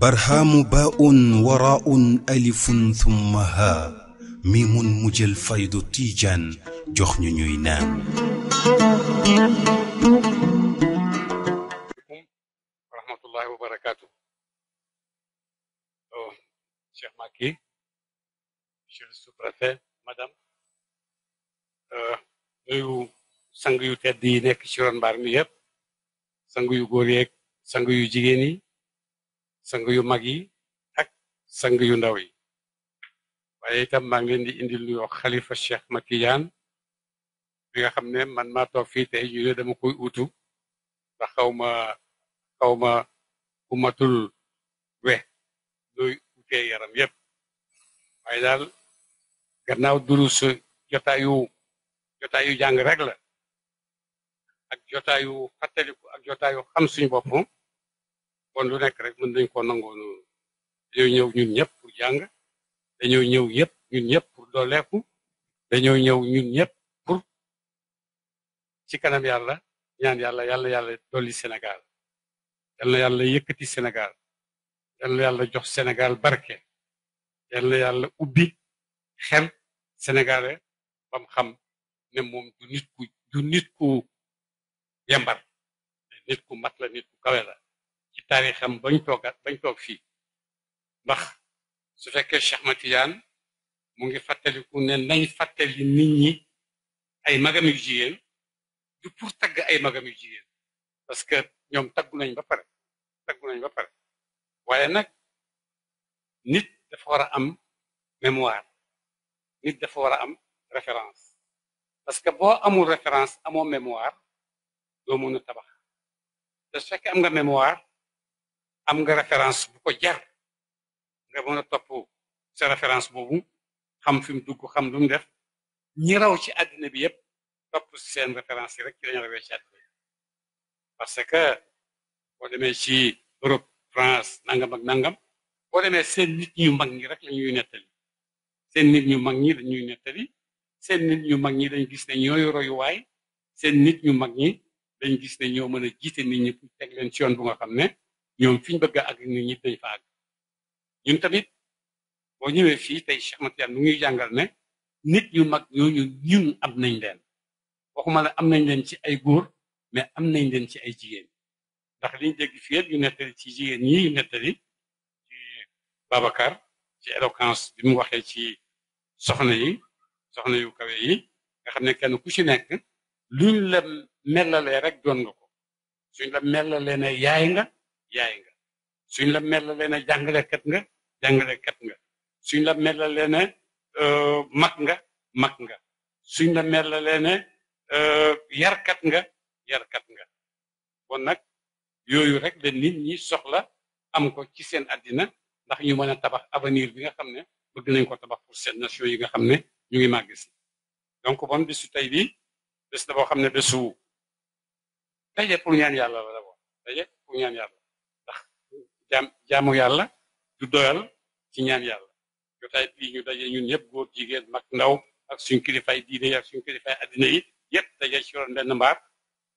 برهام باء وراء ألف ثم ها ميم مجل فيض تيجا جخن نينان ورحمة الله وبركاته oh, شيخ ماكي شيخ السوبرافي مدام uh, sang yu tedd yi nekk ci ron mbaar mi yëpp sang yu góor yeeg sang yu jigéen yi sang yu mag yi ak sang yu ndaw yi waaye itam maa ngi leen di indil nuyoo xalifa Cheikh Matiyan bi nga xam ne man maa toog fii tey ñu dama koy utu ndax xaw ma xaw ma umatul we looy utee yaram yëpp waaye daal gannaaw durus jotaayu jotaayu jàng rek la ak jotaayu fàttaliku ak jotaayu xam suñu bopp kon lu nekk rek mën nañ ko nangoo dañoo ñëw ñun ñëpp pour jàng dañoo ñëw yëpp ñun ñëpp pour dooleeku dañoo ñëw ñun ñëpp pour ci kanam yàlla ñaan yàlla yàlla yàlla senegal Sénégal yàlla yàlla yëkkati senegal yàlla yàlla jox Sénégal barke yàlla yàlla ubbi xel sénégalais bam xam ne moom du ku du ku yembar nit ku mat la nit ku kawe la ci taarixam bañ toogat bañ toog fii ndax su fekkee Cheikh Matiyaan mu ngi fàttaliku ne nañ fàttali nit ñi ay magam yu jigéen du pour tagg ay magam yu jigéen parce que ñoom taggu nañ ba pare taggu nañ ba pare waaye nag nit dafa war a am mémoire nit dafa war a am référence parce que boo amul référence amoo mémoire doo mën a tabax am nga mémoire am nga référence bu ko jar nga mën topp sa référence boobu xam fi mu dugg xam lu mu def ñi raw ci àddina bi yépp topp seen référence yi rek ci a rawee ci àddina parce que boo demee ci Europe France nangam mag nangam boo demee seen nit ñu mag ñi rek la ñuy nettali seen nit ñu mag ñi dañuy nettali seen nit ñu mag ñi dañ gis ne ñooy royuwaay seen nit ñu mag ñi dañ gis ne ñoo mën a jiite nit ñi teg leen ci yoon bu nga xam ne ñoom fi ñu bëgg a àgg nit ñi dañ fa àgg ñun tamit boo ñëwee fii tey Cheikh Matiane mu ngi jàngal ne nit ñu mag ñooñu ñun am nañ leen waxuma la am nañ leen ci ay góor mais am nañ leen ci ay jigéen ndax liñ dégg fii ñu nettali ci jigéen ñi ñu nettali ci Babacar ci éloquence bi mu waxee ci soxna yi soxna yu kawe yi nga xam ne kenn ku ci nekk luñ lem melalee rek doon nga ko suñ la melalee ne yaay nga yaay nga suñ la melalee ne jàngalekat nga jàngalekat nga suñ la melalee ne euh, mag nga mag nga suñ la na ne euh, yarkat nga yarkat nga kon nag yooyu rek la nit ñi soxla am ko ci seen addina ndax ñu mën a tabax avenir bi nga xam ne bëgg nañ ko tabax pour seen nation yi nga xam ne ñu ngi màgg si donc bon bésu tey bi bés na boo xam ne bésu daje pour ñaan yàlla la d'abord daje pour ñaan yàlla ndax jaam jaamu yàlla du doyal ci ñaan yàlla jotaay bii ñu daje ñun ñëpp góor jigéen mag ndaw ak suñ kilifay diine yi ak suñ kilifay addina yi yëpp daje ci yoon benn mbaar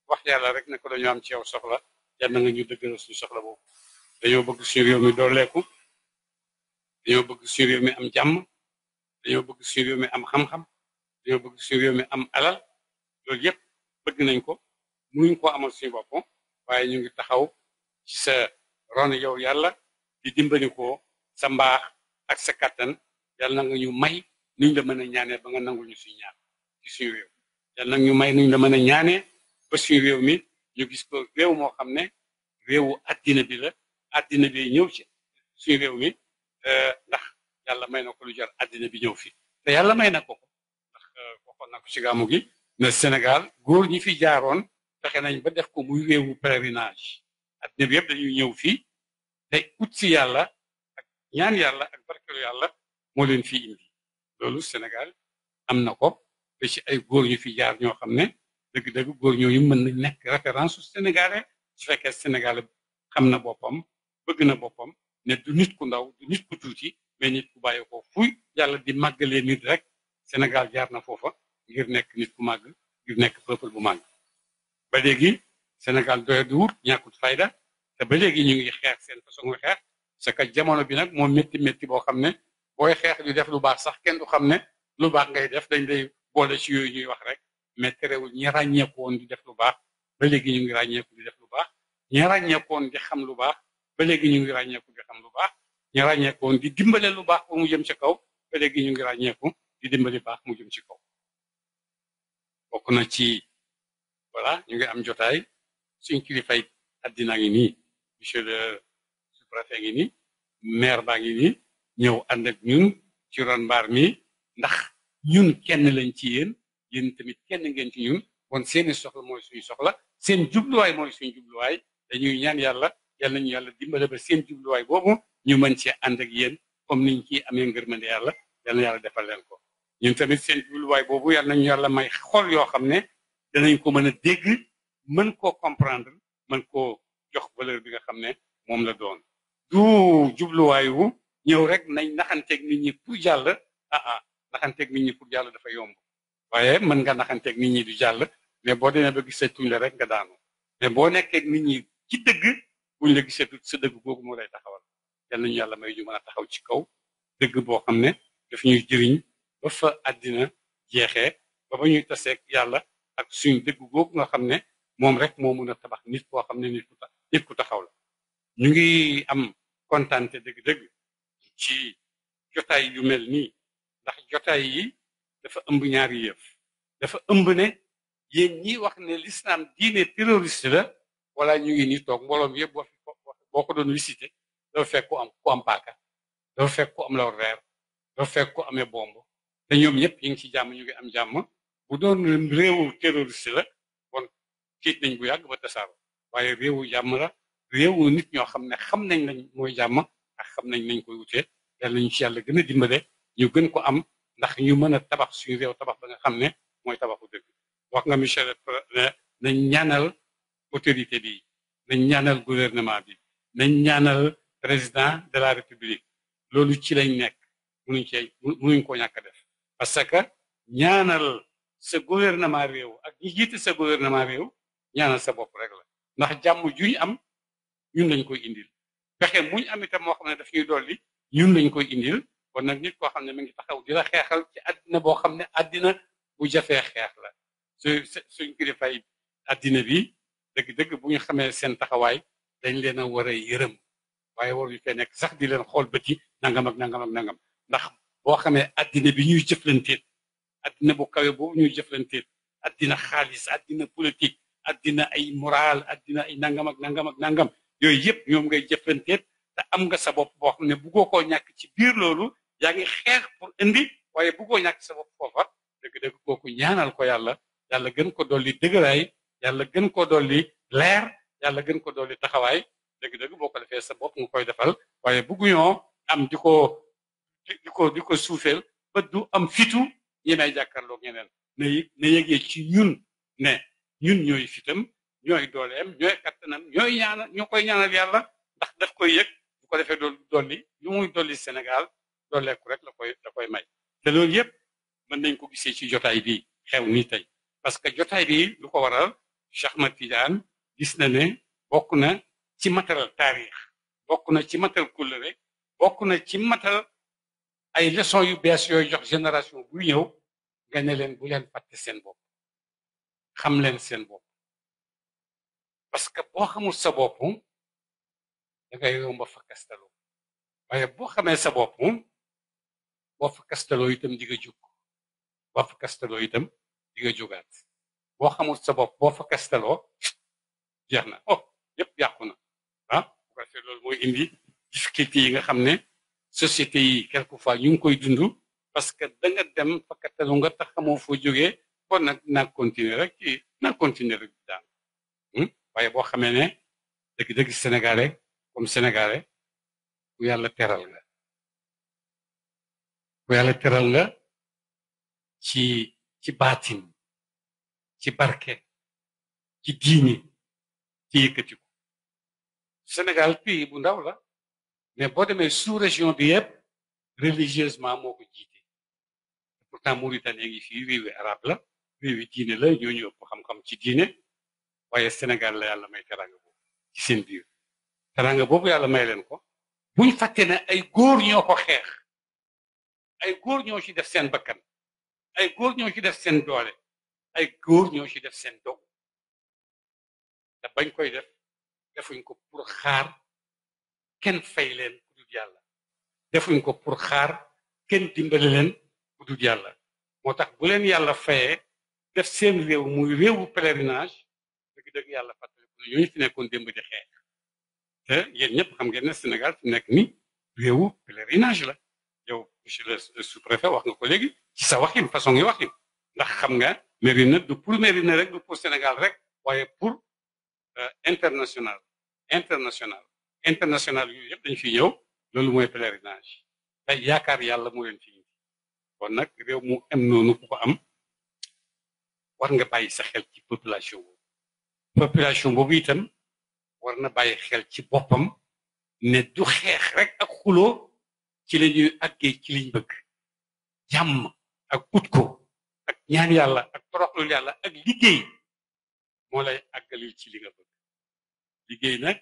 wax yàlla rek ne ko am ci soxla yal na nga ñu dëggal suñu soxla boobu dañoo bëgg suñu réew mi dooleeku dañoo bëgg suñu réew mi am jàmm dañoo bëgg suñu réew mi am xam-xam dañoo bëgg suñu réew mi am alal loolu yëpp bëgg nañ ko mënuñ ko amoon suñu bopp waaye ñu ngi taxaw sa ron yow yàlla di dimbali ko sa mbaax ak sa kattan yàlla na nga ñu may nuñ la mën a ñaanee ba nga nangu ñu suñu ñaan ñu may nuñ la mën a ñaanee ba suñu réew mi ñu gis ko réew moo xam ne réewu addina bi la addina bi ñëw si suñu réew mi euh, ndax yàlla may na ko lu jar addina bi ñëw fi may na ko ko ndax waxoon euh, na ko ci gàmmu gi ne Sénégal góor ñi fi jaaroon fexe nañ ba def ko muy réewu pèlerinage at bi yëpp dañuy ñëw fii day ut si yàlla ak ñaan yàlla ak barkelu yàlla moo leen fi indi loolu Sénégal am na ko te ci ay góor ñu fi jaar ñoo xam ne dëgg-dëgg góor ñooñu mën na nekk référence su sénégalais su fekkee sénégalais xam na boppam bëgg na boppam ne du nit ku ndaw du nit ku tuuti mais nit ku bàyyi ko fuy yàlla di màggalee nit rek Sénégal jaar na foofa ngir nekk nit ku màgg ngir nekk peuple bu màgg ba léegi Sénégal doy du wut ñàkkut fayda te ba léegi ñu ngi xeex seen façon xeex parce que jamono bi nag moo métti métti boo xam ne booy xeex du def lu baax sax kenn du xam ne lu baax ngay def dañ lay boole ci yooyu ñuy wax rek metterewul terewul ñi ràññeeku di def lu baax ba léegi ñu ngi ràññeeku di def lu baax ñi ràññeeku woon xam lu baax ba léegi ñu ngi ràññeeku di xam lu baax ñi ràññeeku woon di dimbale lu baax ba mu jëm ci kaw léegi ñu ngi ràññeeku di dimbali baax mu jëm ci kaw bokk na ci voilà ñu ngi am jotaay suñ kilifay addina ngi nii monsieur le sous-préfet ngi nii maire baa ngi nii ñëw ànd ak ñun ci ron mbaar mi ndax ñun kenn lañ ci yéen yéen tamit kenn ngeen ci ñun kon seeni soxla mooy suñu soxla seen jubluwaay mooy suñ jubluwaay dañuy ñaan yàlla yàlla nañu yàlla dimbale ba seen jubluwaay boobu ñu mën cee ànd ak yéen comme niñ ci amee ngërmande yàlla yàlla na yàlla defal leen ko ñun tamit seen jubluwaay boobu yàlla nañu yàlla may xol yoo xam ne danañ ko mën a dégg mën koo comprendre mën koo jox valeur bi nga xam ne moom la doon du jubluwaayu ñëw rek nañ naxanteeg nit ñi pour jàll ah ah naxanteeg nit ñi pour jàll dafa yomb waaye mën nga naxanteeg nit ñi du jàll mais boo demee ba gisee tuñ la rek nga daanu mais boo nekkee nit ñi ci dëgg buñ la gisee sa dëgg googu moo lay taxawal yal nañu yàlla may ñu mën a taxaw ci kaw dëgg boo xam ne daf ñuy jëriñ ba fa àddina jeexee ba ba ñuy taseeg yàlla ak suñu dëgg googu nga xam ne moom rek moo mën a tabax nit koo xam ne nit ku nit ku taxaw la ñu ngi am kontaante dëgg-dëgg ci jotaay yu mel nii ndax jotaay yi dafa ëmb ñaar yëf dafa ëmb ne yéen ñi wax ne l'islam diine terroriste la wala ñu ngi nii toog mbooloom yëpp boo fi boo ko doon visité dafa fekk am ku am paaka dafa fekk am law reer dafa fekk ku amee bomb te ñoom ñëpp ñu ngi ci jàmm ñu ngi am jàmm bu doon réewu terroriste la kon kiij nañ bu yàgg ba tasaaro waaye réewu jàmm la réewu nit ñoo xam ne xam nañ lañ mooy jàmm ak xam nañ nañ koy wutee yàlla ñu ci yàlla gën a dimbale ñu gën ko am ndax ñu mën a tabax suñu réew tabax ba nga xam ne mooy tabaxu dëgg wax nga monsieur le nañ ñaanal autorité bi nañ ñaanal gouvernement bi nañ ñaanal président de la république loolu ci lañ nekk munuñ cee ko koo ñàkk a def parce que ñaanal sa gouvernement réew ak ñi sa gouvernement réew ñaanal sa bopp rek la ndax jàmm juñ am ñun lañ koy indil pexe muñ am itam moo xam ne daf ñuy dolli ñun lañ koy indil kon nag nit koo xam ne mu ngi taxaw di la xeexal ci àddina boo xam ne àddina bu jafee xeex la su suñ kilifay àddina bi dëgg-dëgg bu xamee seen taxawaay dañ leen a war a yërëm waaye waruñu fee nekk sax di leen xool bët yi nangam ak nangam ak nangam ndax boo xamee àddina bi ñuy jëflanteet addina bu kawe boobu ñuy jëflanteel addina xaalis addina politique addina ay moral addina ay nangam ak nangam ak nangam yooyu yëpp ñoom ngay jëflanteel te am nga sa bopp boo xam ne buggoo koo ñàkk ci biir loolu yaa ngi xeex pour indi waaye buggoo ñàkk sa bopp foofa dëgg-dëgg kooku ñaanal ko yàlla yàlla gën ko dolli dëgëraay yàlla gën ko dolli leer yàlla gën ko dolli taxawaay dëgg-dëgg boo ko defee sa bopp nga koy defal waaye bugguñoo am di ko di ko du am fitu yi may jàkkaarloog ñeneen na yëg na yëgee ci ñun ne ñun ñooy fitam ñooy dooleem ñooy kattanam ñooy ñaana ñoo koy ñaanal yàlla ndax daf koy yëg bu ko defee dool dolli lu muy dolli Sénégal dooleeku rek la koy koy may te loolu yëpp mën nañ ko gisee ci jotaay bi xew nii tey parce que jotaay bi lu ko waral Cheikh Ahmed Tidiane gis na ne bokk na ci matal taarix bokk na ci matal kulëre bokk na ci matal ay leçon yu bees yooyu jox génération buy ñëw gañe leen bu leen fàtte seen bopp xam leen seen bopp parce que boo xamul sa bopp da ngay yomba fa kastaloo waaye boo xamee sa bopp boo fa kastaloo itam di nga jóg boo fa kastaloo itam di nga jógaat boo xamul sa bopp boo fa kastaloo jeex na oh yëpp yàqu na ah bu ko defee loolu mooy indi difficulté yi nga xam ne société yi quelquefois ñu ngi koy dund parce que da nga dem fakkatalu nga tax xamoo foo joge kon nag naa continuer rek kii naa continuer rek hmm? waaye boo xamee ne dëgg-dëgg sénégalais comme sénégalais ku yàlla teral nga ku yàlla teral nga ci ci baatin ci barke ci diini ci yëkkatiku Sénégal pays bu ndaw la mais boo demee sous région bi yëpp religieusement moo ko jiite pourtant Mauritanie ngi fii réewi arab la réewi diine la ñooñu ëpp xam-xam ci diine waaye Sénégal la yàlla may teranga boobu ci seen biir teranga boobu yàlla may leen ko buñ fàtte ne ay góor ñoo ko xeex ay góor ñoo ci def seen bakkan ay góor ñoo ci def seen doole ay góor ñoo ci def seen dog te bañ koy def defuñ ko pour xaar kenn fay leen ku dul yàlla defuñ ko pour xaar kenn dimbali leen bu dul yàlla moo tax bu leen yàlla fayee def seen réew muy réew bu pèlerinage dëgg dëgg yàlla a ne ñooñu fi nekkoon démb di xeex te yéen ñëpp xam ngeen ne Sénégal fi nekk ni réewu pèlerinage la yow su le wax nga ko léegi ci sa waxin façon yi waxin ndax xam nga Médina du pour Médina rek du pour Sénégal rek waaye pour euh, international international international yooyu yëpp dañu fi ñëw loolu mooy pèlerinage yaakaar yàlla moo leen fi kon nag réew mu am noonu ku ko am war nga bàyyi sa xel ci population boobu population boobu itam war na bàyyi xel ci boppam ne du xeex rek ak xuloo ci la ñuy àggee ci liñ bëgg jàmm ak ut ko ak ñaan yàlla ak toroxlu yàlla ak liggéey moo lay àggalil ci li nga bëgg liggéey nag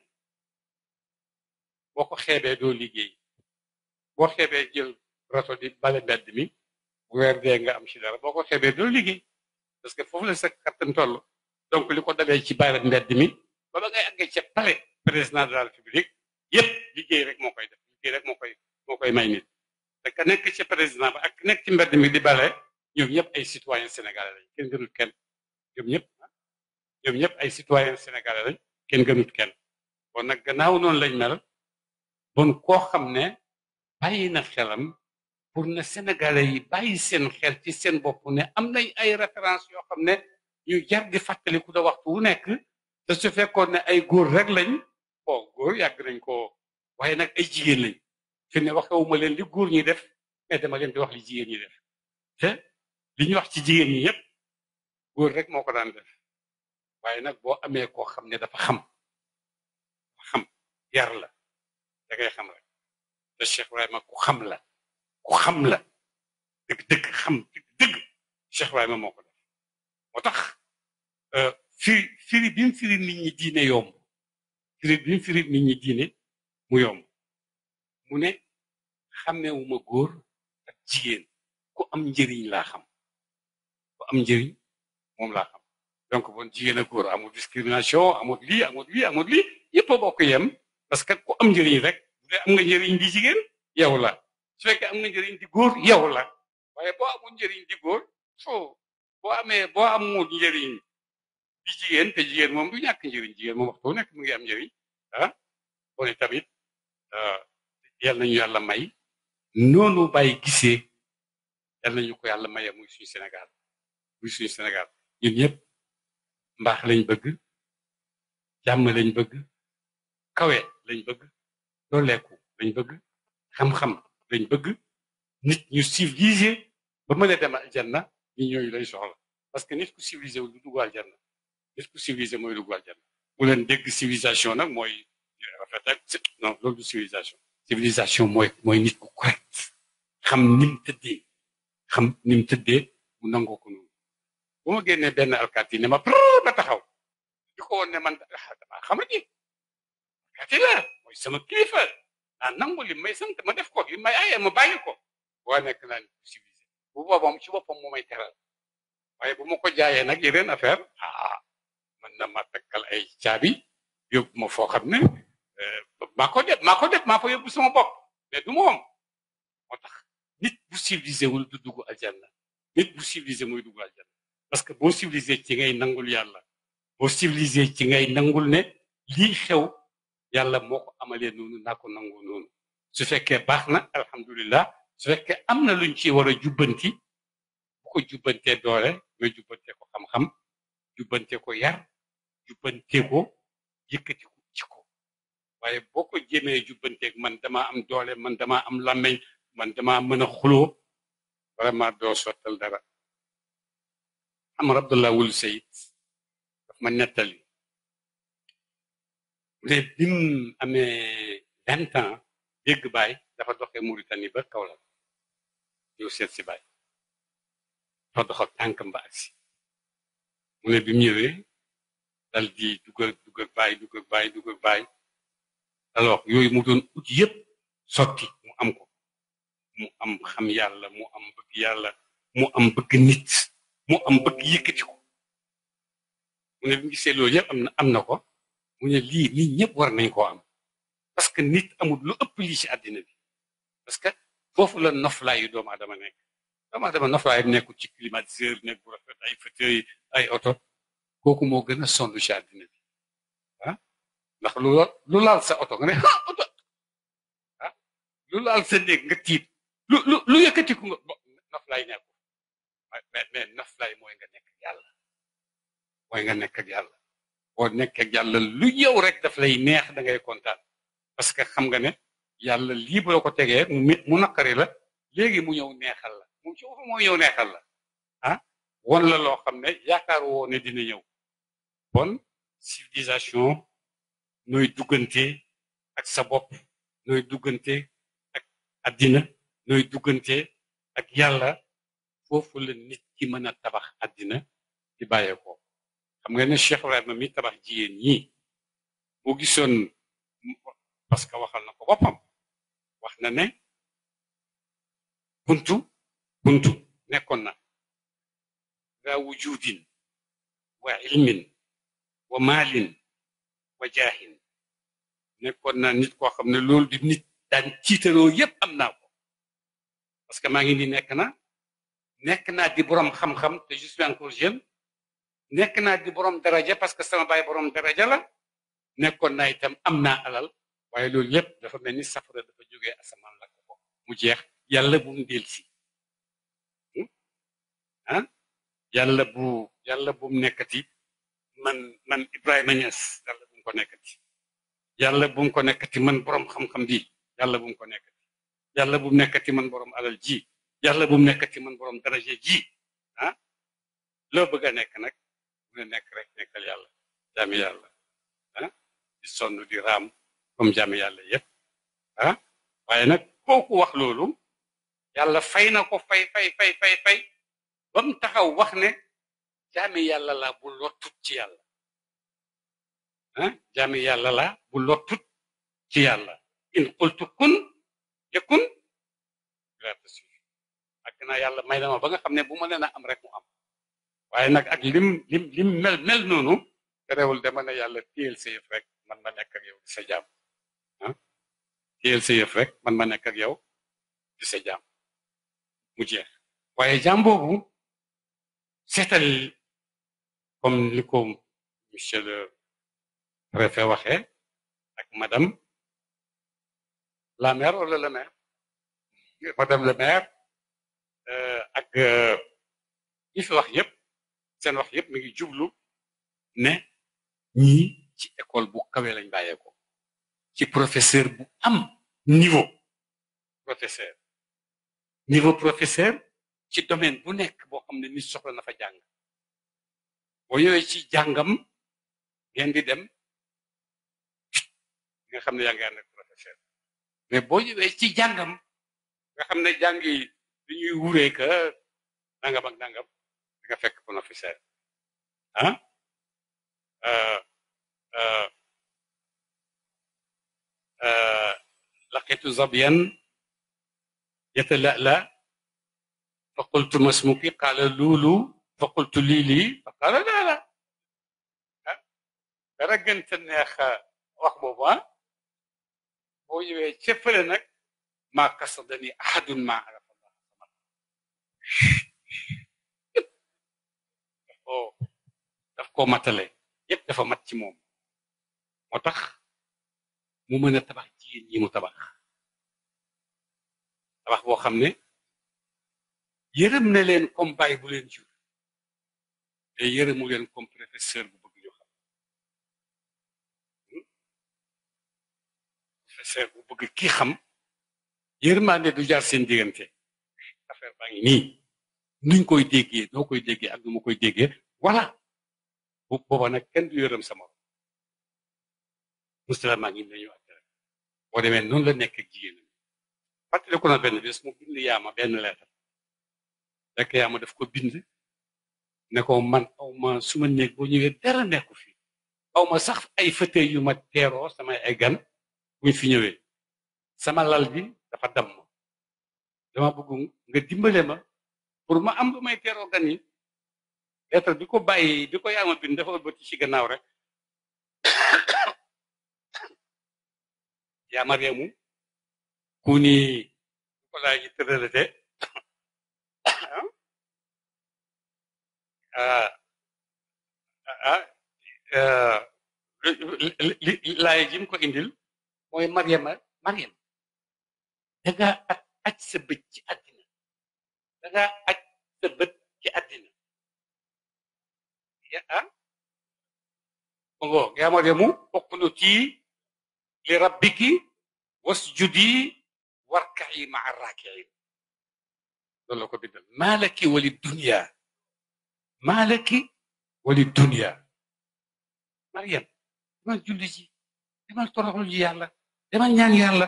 boo ko xeebee doo liggéey boo xeebee jël rato di bale mbedd mi bu weer dee nga am ci dara boo ko xebee dul liggéey parce que foofu la sa kattan toll donc li ko dabee ci baarab mbedd mi ba ba ngay àggee ca pare président de la république yépp liggéey rek moo koy def liggéey rek moo koy moo koy may nit te nekk ci président ba ak nekk ci mbedd mi di bale ñoom ñëpp ay citoyen sénégalais kenn gënut kenn ñoom ñëpp ñëpp ay citoyen sénégalais lañ kenn gënut kenn ah, kon nag gannaaw noonu lañ mel bon koo xam ne bàyyi na xelam pour na sénégalais yi bàyyi seen xel ci seen bopp ne am nañ ay référence yoo xam ne ñu jar di fàttaliku da waxtu wu nekk te su fekkoon ne ay góor rek lañ bon góor yàgg nañ ko waaye nag ay jigéen lañ fi ne waxewuma leen li góor ñi def mais leen di wax li jigéen ñi def li ñu wax ci jigéen ñi yépp góor rek moo ko daan def waaye nag boo amee koo xam ne dafa xam xam yar la da xam rek te Cheikh Ibrahima ku xam la o xam la dëgg xam dëgg dëgg Cheikh Ibrahima moo ko def tax euh, firi firi bi mu firi nit ñi diine yomb firi bi firi ni ñi diine mu yomb mu ne xàmmeewuma góor ak jigéen am njëriñ laa xam am njëriñ moom laa xam donc bon jigéen ak góor amul discrimination amul lii amul lii amul lii yëpp bokk yem parce que ku am njëriñ rek bu am nga njëriñ di jigéen yow la su fekkee am na njëriñ di góor yow la waaye boo amul njëriñ di góor foo boo amee boo amul njëriñ di jigéen te moom du ñàkk njëriñ jigéen moom waxtu nekk mu ngi am njëriñ ah kon tamit ah, yal nañu yàlla may noonu bàyyi gisee yal nañu ko yàlla maye muy suñu Sénégal muy suñu Sénégal ñun ñëpp mbaax lañ bëgg jàmm lañ bëgg kawe lañ bëgg dooleeku lañ bëgg xam-xam lañ bëgg nit ñu civilisé ba mën a dem aljanna ñu ñooñu lay soxla parce que nit ku civilisé wu du dugg aljanna nit ku civilisé mooy dugg aljanna bu leen dégg civilisation nag mooy rafet ak du civilisation civilisation mooy mooy nit ku correct xam ni mu tëddee xam ni mu tëddee mu nangoo ma génnee benn alkaati ne ma ba taxaw di ko woon ne man ah, damaa alkaati la mooy sama kilifa naa ah, nangu li may sant ma def ko li may aye ma bàyyi ko waa nekk naa ni civilisé bu boobam ci boppam moo may teral waaye bu ma ko jaayee nag yeneen affaire ah mën ma takkal ay caabi yóbbu ma foo xam ne eh, maa ko def maa ko def maa fa yóbbu sama bopp mais du moom moo tax nit bu civilisé wul du dugg aljanna nit bu civilisé muy dugg aljanna parce que boo civilisé ci ngay nangul yàlla boo civilisé ci ngay nangul ne lii xew yàlla moo ko amalee noonu naa ko nangoo noonu su fekkee baax na alhamdulilah su fekkee am na luñ ci war a jubbanti bu ko jubbantee doole mais jubbantee ko xam-xam jubbantee ko yar jubbantee ko yëkkati ko ci ko waaye boo ko jéemee man dama am doole man dama am làmmeñ man damaa mën a xuloo vraiment doo sottal dara Amar Abdullah Wul Sayid daf ma nettali mais bi mu amee vingt ans dégg baay dafa doxee Mauritanie ba Kaolack ñëw seet si baay dafa dox ak tànkam ba agsi mu ne bi mu ñëwee dal di dugg ak dugg baay dugg baay dugg baay alors yooyu mu doon ut yépp sotti mu am ko mu am xam yàlla mu am bëgg yàlla mu am bëgg nit mu am bëgg yëkkati ko mu ne bi gisee loolu yépp am na am na ko mu ne lii nit ñëpp war nañ koo am parce que nit amul lu ëpp lii ci àddina bi parce que foofu la noflaay yu doomu adama nekk doomu adama noflaay bi nekkul ci climatiseur nekk bu rafet ay fauteuil ay oto kooku moo gën a sonn ci addina bi ah? ndax lu lu laal sa oto nga ah oto ah lu laal sa néeg nga tiit lu lu lu yëkkatiku nga noflaay nekkul mais mais noflaay mooy nga nekk ak mooy nga nekk ak yàlla boo nekk ak lu yow rek daf lay neex da ngay kontaan parce que xam nga ne yàlla lii boo ko tegee mu mu naqari la léegi mu ñëw neexal la moom ci boppam ñëw neexal la ah won la loo xam ne yaakaar woo ne dina ñëw bon civilisation nooy duggante ak sa bopp nooy duggante ak addina nooy duggante ak yàlla foofu la nit ki mën a tabax addina di bàyyeekoo xam nga ne Cheikh Ibrahima mi tabax jigéen ñi bu gisoon parce que waxal na ko boppam wax na ne kuntu kuntu nekkoon na za wujudin wa ilmin wa maalin wa jaahin nekkoon na nit koo xam ne loolu di nit daan ciitaroo yépp am naa ko parce que maa ngi ni nekk na nekk naa di borom xam-xam te je suis encore jeune nek na di borom daraja parce que sama baye borom daraja la nekkoon na itam amna alal waye loolu yep dafa melni safara dafa joge asaman la ko mu jeex yalla bu mu ci ah yalla bu yalla bu nekati man man Ibrahima Niass yalla bu ko nekati yalla bu ko nekati man borom xam-xam bi yalla bu ko nekati yalla bu nekati man borom alal ji yalla bu nekati man borom daraja ji ah lo beug nek nak ne nekk rek nekkal yàlla jami yàlla ah di sonn di raam comme jami yàlla yépp ah waaye nag kooku wax loolu yàlla fay na ko fay fay fay fay taxaw wax ne jaami yàlla laa bu lottut ci yàlla ah yàlla la bu lottut ci yàlla in qultu kun yakun grata suivi yàlla may ma ba nga xam ne bu ma leen am rek mu am waaye nag ak lim lim mel mel noonu terewul dama ne yàlla téyel sa yëf rek man ma nekk ak yow di sa jaam ah rek man ma nekk ak yow di sa jaam mu jeex waaye jaam boobu comme li ko le préfet waxee ak madame la maire wala le maire madame le maire euh, ak euh, ñi fi wax yépp seen wax yépp mi ngi jublu ne ñii ci école bu kawe lañ bàyyeekoo ci professeur bu am niveau professeur niveau professeur ci domaine bu nekk boo xam ne ni soxla nafa fa jàng boo ñëwee ci jàngam ngeen di dem nga xam ne yaa ngi ànd ak professeur mais boo ñëwee ci jàngam nga xam ne yi dañuy ka nangam ak nangam كافيك منافسات ها أه؟ أه أه, آه. لقيت ظبيا يتلألأ فقلت ما اسمك قال لولو فقلت ليلي فقال لا لا رجنت الناخ وحبوبا ويشفر انك ما قصدني احد ما عرف الله ko matale yépp dafa mat ci moom moo tax mu mën a tabax jigéen ñi mu tabax tabax boo xam ne yërëm na leen comme baay bu leen jur te yërëmu leen comme professeur bu bëgg ñu xam professeur bu bëgg kii xam yërmande du jaar seen diggante affaire baa ngi nii nuñ koy déggee noo koy déggee ak nu ma koy déggee voilà bu boobaa nag kenn du yërëm sama morom Moustapha maa ngi nañu ak dara boo demee noonu la nekk ak jigéenam fàttali ko na benn bés mu bind yaama benn leetar rek yaama daf ko bind ne ko man aw ma su ma néeg boo ñëwee dara nekku fi aw ma sax ay fauteuil yu ma teeroo samay ay gan buñ fi ñëwee sama lal bi dafa damm dama bëgg nga dimbale ma pour ma am lu may teeroo gan yi lettre bi ko bàyyi bi ko yaama bind dafa ëlbati ci gannaaw rek yaa Maryamu kuni ko ah. Ah, ah, eh, laay ji tëralate indil mooy Maryama Maryam da aj sa ci àddina da aj sa ci àddina ah ngo yamade mum hokkudu ti li rabbiki wasjudi warka'i ma'a raki'in loolu la ko bindal malaki wali dunya malaki wali dunya mariam demal julli ji demal toroxlu ji yàlla demal ñaan yo, ya,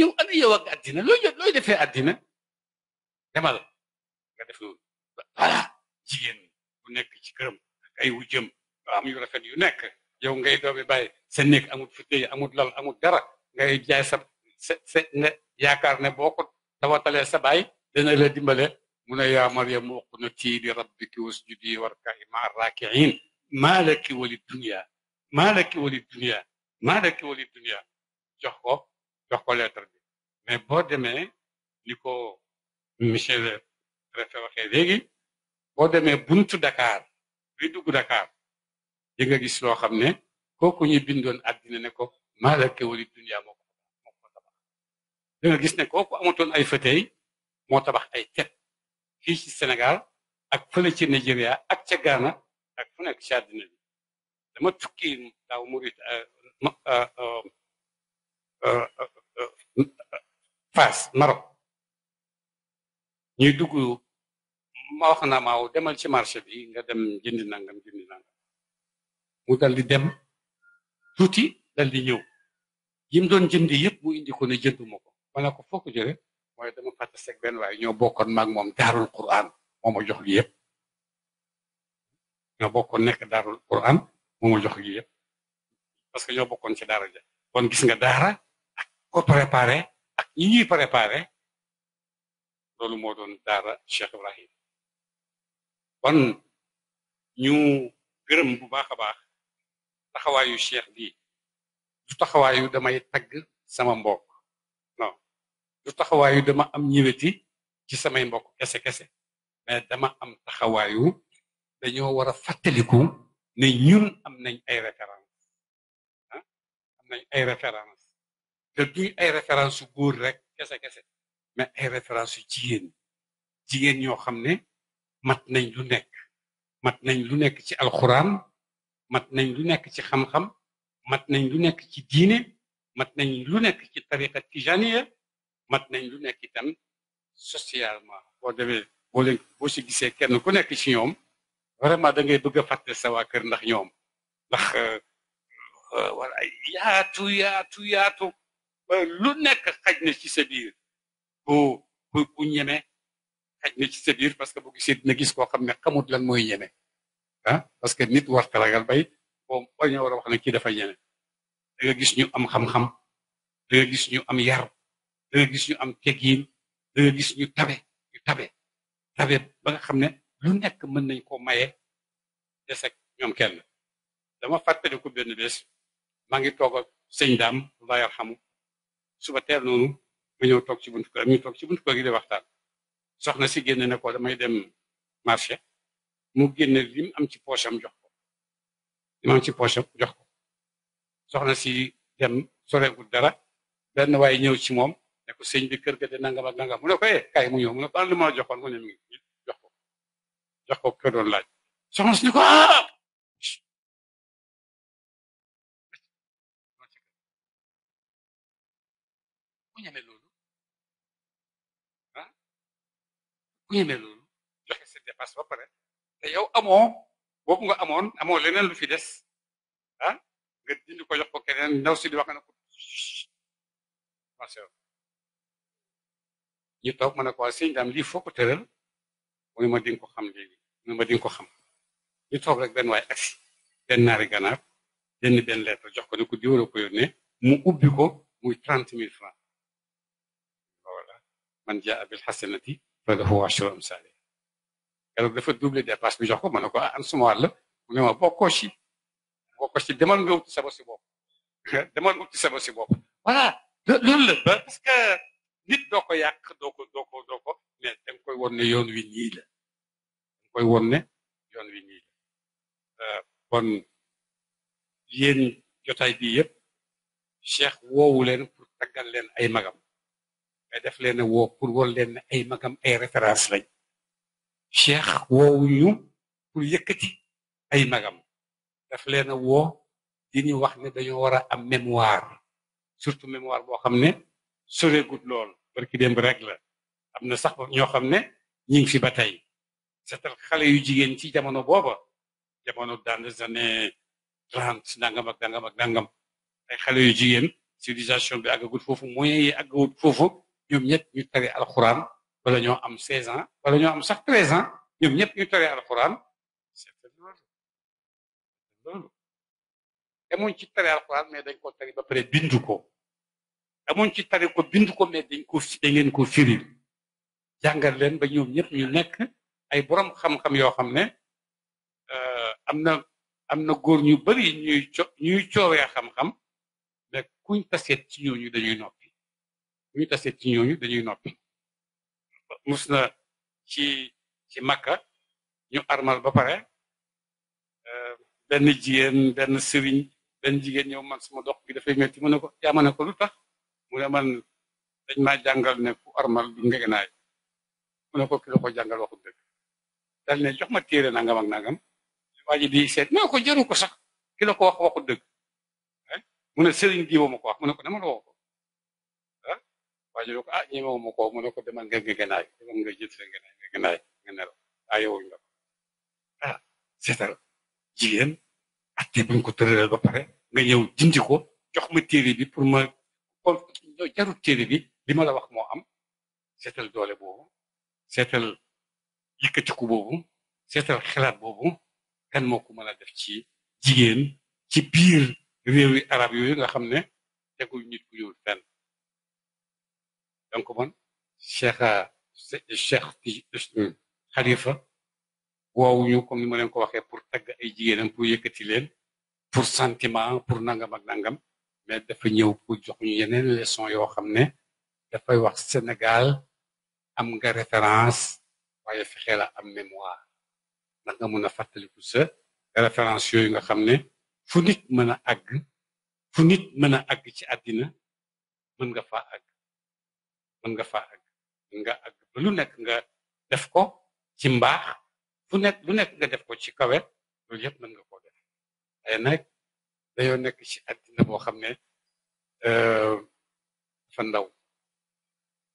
yow ana yow ya ak àddina looy ya, looy defee àddina demal nga def loolu voilà bu ci ay wu jëm am yu rafet yu nekk yow ngay doomi bàyyi sa néeg amul fitéy amul lal amul dara ngay jaay sa sa sa ne yaakaar ne boo ko dawatalee sa baay dana la dimbale mu ne yaa Maryam uqnutii li rabbiki wasjudi warka'i ma'a raaki'iin maa laki wali dunya maa laki wali dunya maa laki wali dunya jox ko jox ko lettre bi mais boo demee ni ko monsieur le préfet waxee léegi boo Dakar buy dugg Dakar di nga gis loo xam ne kooku ñu bindoon àddina ne ko maalake wali dunia moo tabax di nga gis ne kooku amatoon ay fëtey moo tabax ay tet fii ci Sénégal ak fële ci Nigeria ak ca Ghana ak fu nekk ci àddina bi dama tukki daaw murit euh, euh, euh, Fass Maroc ñuy dugg ma wax na wu demal ci marché bi nga dem jindi nangam jindi nangam mu dal di dem tuuti dal di ñew yim doon jindi yépp mu indi ko ne jëndu mako wala ko fokk jëre moy dama fàtte seg ben way ño bokkon mak mom darul quran moma jox li yépp ñoo bokkon nek darul quran moma jox li yépp parce que ño bokkon ci dara ja kon gis nga dara ak ko préparer ak ñi ñi préparer lolu mo doon dara cheikh ibrahim kon ñu gërëm bu baax a baax taxawaayu cheikh bi du taxawaayu damay tagg sama mbokk non du taxawaayu dama am ñëweti ci samay mbokk kese kese mais dama am taxawaayu dañoo war a fàttaliku ne ñun am nañ ay référence ah, am nañ ay référence te duñ ay référence yu góor rek kese kese mais ay référence yu jigéen jigéen ñoo xam ne mat nañ lu nekk mat nañ lu nekk ci alxuraan mat nañ lu nekk ci xamxam mat nañ lu nekk ci diine mat nañ lu nekk ci tariqa tijaniya mat nañ lu nekk itam socialement boo demee boo leen boo si gisee kenn ku nekk ci ñoom vraiment da ngay bëgg a fàtte sa waa kër ndax ñoom ndax euh, euh, wala yaatu yaatu yaatu lu nekk xaj na ci sa biir ku bu ñeme xaj na ci sa parce que bu gisee na gis koo xam ne xamut lan mooy ñeme ah parce que nit war ta bay boo boo ñoo war a wax ne kii dafa ñeme da gis ñu am xam-xam da gis ñu am yar da gis ñu am tegiin da gis ñu tabe ñu tabe tabe ba nga xam ne lu nekk mën nañ koo maye des ak ñoom kenn dama fàttali ko benn bés maa ngi toog ak sëñ daam laa yarxamu suba teel noonu ma ñëw toog ci buntu kër ñu toog ci buntu kër gi di waxtaan soxna si génn ne ko damay dem marché mu génne lim am ci poosam jox ko lim am ci poosam jox ko soxna si dem sorewul dara benn waaye ñëw ci moom ne ko sëñ bi kër ga de nangam ak nangam mu ne ko eh kaay mu ñëw mu ne ko ah lu ma jox ko jox laaj soxna si ne ko ah ku ñemee loolu joxe sa dépasse ba pare te yow amoo boobu nga amoon amoo leneen lu fi des ah nga dindi ko jox ko keneen ndaw si di wax na ne ko maasoo ñu toog ma ne ko waa ah, sëñ daam lii foo ko tëral mu ma din ko xam léegi mu ne ma di nga ko xam ñu toog rek benn waay agsi naari ganaar jënd benn jox ko ne ko diwla ko mu ubbi ko muy trente mille francs voilà man jaa abil xasanati loolu dafa waa suram saali keroog dafa doublé dépense bi jox ko ma ne ko ah, am suma wàll mu ne ma bokkoo ci bokkoo ci demal nga wuti saba si bopp demal nga wuti saba si bopp voilà loolu la parce que nit doo ko yàq doo ko doo ko doo ko mais da nga koy won ne yoon wi nii la danga koy won ne yoon wi nii la euh, kon yéen jotaay bi yëpp cheikh woowu leen pour taggal leen ay magam mais def leen a woo pour wol leen ne ay magam ay référence lañ cheikh woowuñu pour yëkkati ay magam daf leen a woo di ñu wax ne dañoo war a am mémoire surtout mémoire boo xam ne soreegut lool barki démb rek la am na sax ñoo xam ne ñi ngi fi ba tey seetal xale yu jigéen ci jamono booba jamono dans les années trente nangam ak ñoom ñëpp ñu tere alxuraan wala ñoo am 16 ans wala ñoo am sax 13 ans ñoom ñëpp ñu tere alxuraan c'est loolu loolu amuñ ci tere alxuraan mais dañ ko tere ba pare bindu ko amuñ ci tere ko bindu ko mais dañ ko dañ leen ko firil jàngal leen ba ñoom ñëpp ñu nekk ay borom xam-xam yoo xam ne euh, am na am na góor ñu bari ñuy coowee xam-xam mais kuñ taseet ci ñooñu dañuy noppi ñu tase ci ñooñu dañuy noppi mus na ci ci Makka ñu armal ba pare euh, benn jigéen benn sëriñ benn jigéen ñëw man suma dox bi dafay metti mu ko yaa ko lu tax mu man dañ maa jàngal ne ku armal ngegenaay mu ko ki la ko jàngal waxul dëgg dal ne jox ma téere nangam ak nangam waa ji di seet ko jaru sax ki ko wax dëgg eh? mu ne sëriñ diwa ma ko wax mu ne ko dama la waaye ñu ne ko ah ko mu ne ko demal jël sa gënaay nga gënaay nga nelaw ah yow seetal jigéen atte buñ ko tëralal ba pare nga ñëw dindi ko jox ma téere bi pour ma jarut téere bi ma la wax moo am seetal doole boobu seetal yëkkatiku boobu seetal xelaat boobu kan moo ko mën a def ci jigéen ci biir réew yi arab yooyu nga xam ne tegul nit ku ñëw donc man euh, cheikh cheikh xalifa woowuñu comme ni ma leen ko waxe pour tagg ay jigéenam pour yëkkati leen pour sentiment pour nangam ak nangam mais dafa ñëw pour jox ñu yeneen leçon yoo xam ne dafay wax Sénégal am nga référence waaye fexe la am mémoire ndax nga mun a fàttaliku sa référence yooyu nga xam ne fu nit mën a àgg fu nit mën a àgg ci àddina mën nga faa àgg mën nga fa ak nga ak lu nekk nga def ko ci mbaax fu nekk lu nekk nga def ko ci kawet loolu yëpp mën nga koo def ay nag dañoo nekk ci àddina boo xam ne euh, dafa ndaw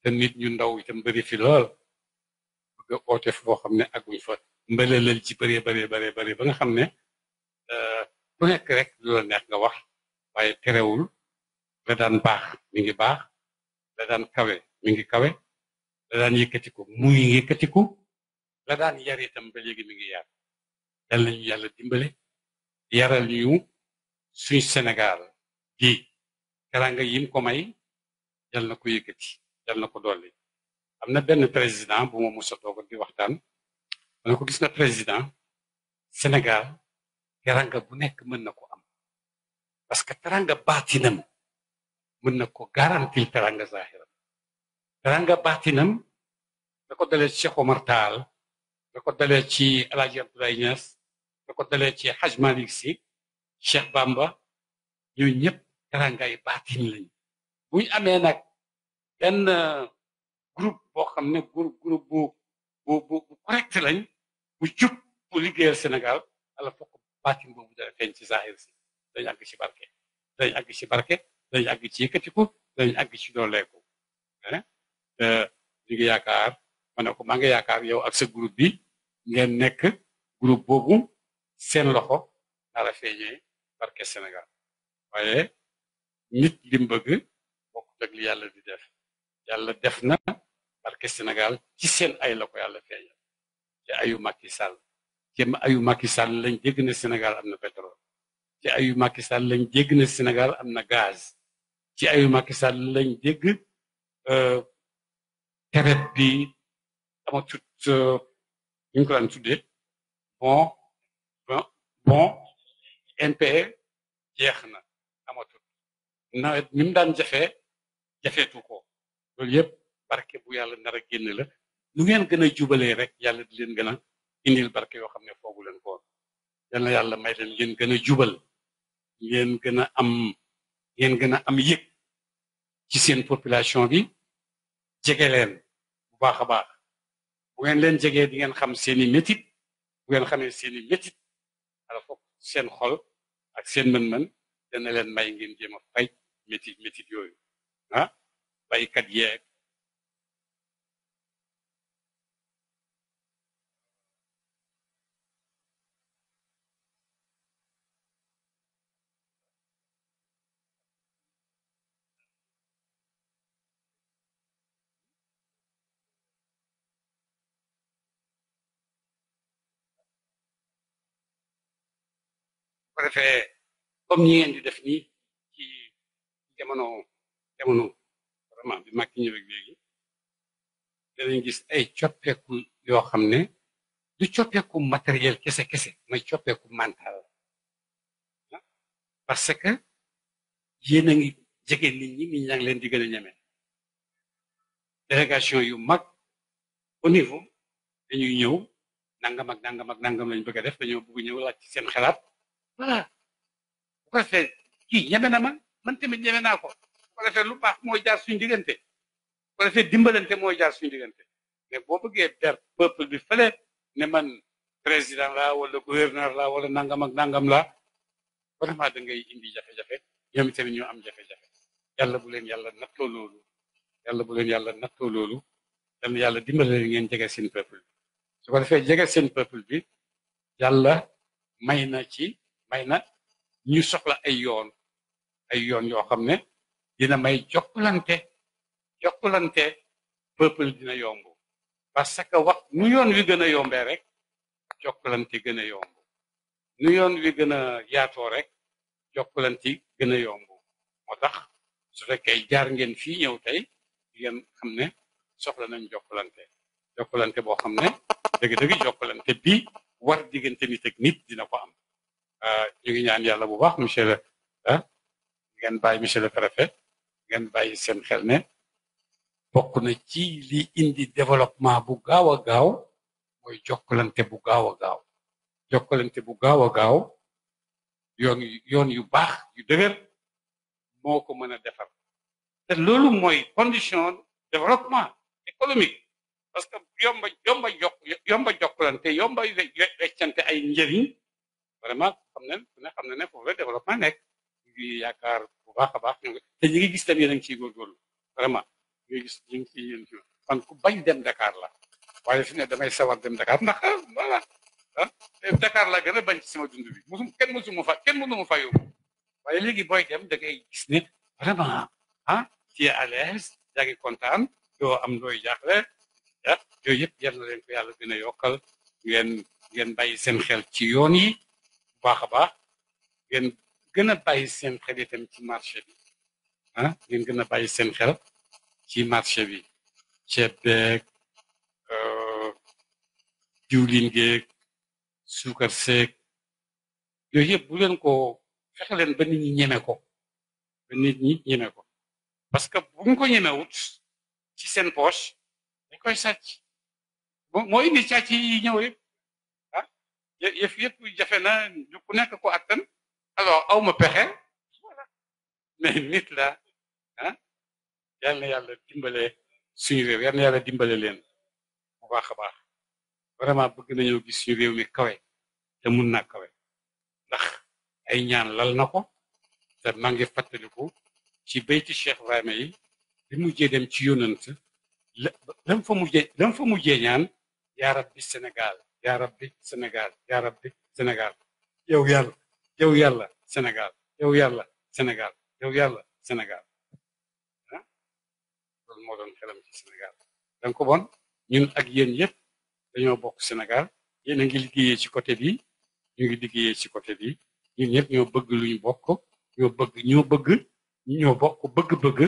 te nit ñu ndaw itam bëri fi lool bëgg a ooteef boo xam ne aguñ fa mbëlelal ci bëree bëree bëree bëri ba nga xam ne ku euh, nekk rek lu la neex nga wax waaye terewul la daan baax mi ngi baax la daan kawe mi ngi kawe la daan yëkkatiku mu yëkkatiku la daan yar itam ba léegi mi ngi yar dal nañu yàlla dimbale yaral ñu suñ Sénégal gi karanga yim ko may yal na ko yëkkati yal na ko dolli am na benn président bu ma mos a di waxtaan dana ko gis président Sénégal karanga bu nekk mën na ko am parce que taranga baatinam mën na ko garantil taranga zahir Teranga baatinam la ko dalee Cheikh Omar Taal la ko dalee ci El Hadj Abdoulaye ko dalee ci Hadj Malick Sy Cheikh Bamba ñooñu ñëpp terangay baatin lañu buñ amee nag benn boo xam ne groupe bu bu bu correct lañ bu jub bu liggéeyal Sénégal ala fokk baatin boobu dana feeñ ci zahir si dañu àgg ci barke dañu àgg ci barke dañu àgg ci yëkkatiku dañu àgg ci dooleeku ñu euh, ngi yaakaar ma ne ko maa ngi yaakaar yow ak sa bi ngeen nekk groupe boobu seen loxo nar a feeñee barke Sénégal waaye nit li mu bëgg bokkut yàlla di def yàlla def na barke Sénégal ci seen ay la ko yàlla feeñal ci ayu Macky Sall ci ayu Macky Sall lañ dégg ne Sénégal am na pétrole ci ayu Macky Sall lañ dégg ne am na gaz ci ayu Macky Sall lañ euh, teret bi dama tut euh, ñu ngi ko daan bon bon NPE jeex na amatul nawet mi mu daan jafee jafeetu ko loolu yëpp barke bu yàlla nar a génn la lu ngeen gën a jubalee rek yàlla di leen gën a indil barke yoo xam ne foogu leen ko yal na yàlla may leen ngeen gën a jubal ngeen gën a am ngeen gën a am yëg ci seen population bi jege leen bu baax a baax bu ngeen leen jegee di ngeen xam seeni métit bu ngeen xamee seeni métit ala foog seen xol ak seen mën-mën dana leen may ngeen jéem a fay métit métit yooyu ah baykat yeeg defee comme ñi ngeen def nii ci jamono jamono bi mag ñëw ak léegi danañ gis ay coppeeku yoo xam ne du coppeeku matériel kese kese mais coppeeku mental parce que yéen a ngi jege nit ñi nit ñaa ngi leen di gën a ñeme délégation yu mag au niveau dañuy ñëw nangam ak nangam ak nangam lañ bëgg a def dañoo bëgg ñëw laaj ci seen xalaat. voilà bu ko defee kii ñeme na man tamit ñeme naa ko bu lu baax mooy jaar suñu diggante bu dimbalante mooy jaar suñu diggante mais boo bëggee ber peuple bi fële ne man président la wala gouverneur la wala nangam ak nangam la vraiment da ngay indi jafe-jafe ñoom itamit ñu am jafe-jafe yàlla bu leen yàlla nattoo loolu yàlla bu leen yàlla nattoo loolu yàlla dimbale ngeen jege seen peuple bi ko defee jege peuple bi yàlla may na ci may na ñu soxla ay yoon ay yoon yoo xam ne dina may jokkalante jokkalante peuple dina yomb parce que wax nu yoon wi gën a yombee rek jokkalante gën a yomb nu yoon wi gën a yaatoo rek jokkalante gën a yomb moo tax su fekkee jaar ngeen fii ñëw tey ngeen xam ne soxla nañ jokkalante jokkalante boo xam ne dëgg-dëgg jokkalante bi war diggante nit ak dina ko am Euh, ñu ngi ñaan yàlla bu baax monsieur le ah ngeen bàyyi monsieur le préfet ngeen bàyyi seen xel ne bokk na ci li indi développement bu gaaw a gaaw mooy jokkalante bu gaaw a gaaw jokkalante bu gaaw a gaaw yoon yoon yu baax yu dëgër moo ko mën a defar te loolu mooy condition développement économique parce que yomba yomba jokk yomba jokkalante yomba weccante ay njëriñ vraiment xam nañ ne xam na ne foofu la développement nekk ñu yaakaar bu baax a baax ñoom te ñu ngi gis tam yéen a ngi ciy góorgóorlu vraiment ñu ngi gis ci man ku bañ dem Dakar la waaye fi ne damay sawar dem Dakar ndax ah, voilà ah Dakar la gën a bañ ci sama dund bi mosum kenn mosum mu fa kenn mënu mu fa yóbbu waaye léegi booy dem da ngay gis ne vraiment ah tu es à l'aise kontaan doo am looy jaaxle ah yooyu yëpp yal yàlla gën a yokkal ngeen ngeen seen xel ci yoon yi. baax a baax ngeen gën a bàyyi seen xel ci marché bi ah gën a bàyyi seen xel ci marché bi ceeb beeg euh, diwlin geeg suukar yooyu yëpp bu leen ko fexe leen ba nit ñi ñeme ko ba nit ñi ñeme ko parce que bu ñu ko ñemewut ci seen poche dañ koy sàcc moo indi càcc yi yëf yëpp jafe na ku nekk ko attan alors awma pexe voilà nit la ah yal na yàlla dimbale suñu réew yal na dimbale leen bu baax a baax vraiment bëgg nañoo gis suñu réew mi kawe te mun na kawe ndax ay ñaan lal na ko te maa ngi fàttaliku ci bayti Cheikh Ibrahima yi bi mujjee dem ci yonant la lam fa mujjee ñaan yaa rabbi Sénégal yaa rabbi Sénégal yaa rabbi Sénégal yow yàlla yow yàlla Sénégal yow yàlla Sénégal yow yàlla Sénégal ah loolu moo doon xelam ci Sénégal donc bon ñun ak yéen yëpp dañoo bokk Sénégal yéen a ngi liggéeyee ci côté bi ñu ngi liggéeyee ci côté bi ñun ñëpp ñoo bëgg lu ñu bokk ñoo bëgg ñoo bëgg ñoo bokk bëgg-bëgg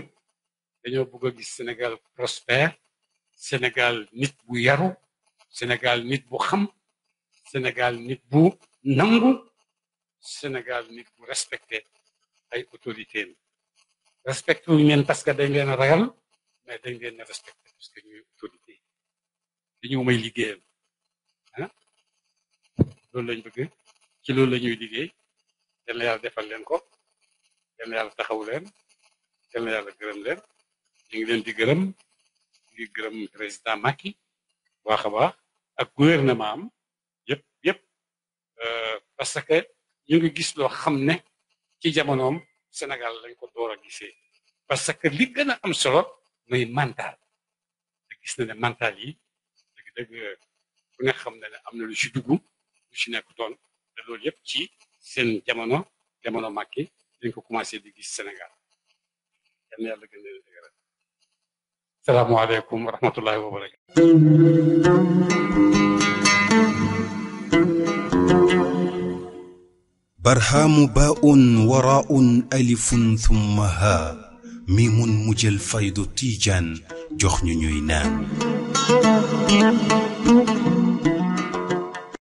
dañoo bëgg a gis Sénégal prospère Sénégal nit bu yaru Sénégal nit bu xam Sénégal nit bu nangu Sénégal nit bu respecté ay autorités mi respecté wuñu leen parce que dañ leen a ragal mais dañ leen a respecté parce que ñuy autorité dañoo may liggéeyam ah. loolu lañ bëgg ci loolu la ñuy liggéey yal na yàlla defal leen ko yal na yàlla taxaw leen yal na yàlla gërëm leen ñu ngi leen di gërëm di gërëm président Macky baax ak gouvernement am yëpp yëpp euh, parce que ñu ngi gis loo xam ne ci jamonoom Sénégal lañ ko door a gisee parce que li gën a am solo mooy mental te gis na ne mental yi dëgg xam ne am na lu si dugg lu ci nekk toon te loolu yëpp ci seen jamono jamono Macky dañ ko commencé di gis Sénégal yàlla gën السلام عليكم ورحمة الله وبركاته برهام باء وراء ألف ثم ها ميم مجل فيض تيجان جخن نام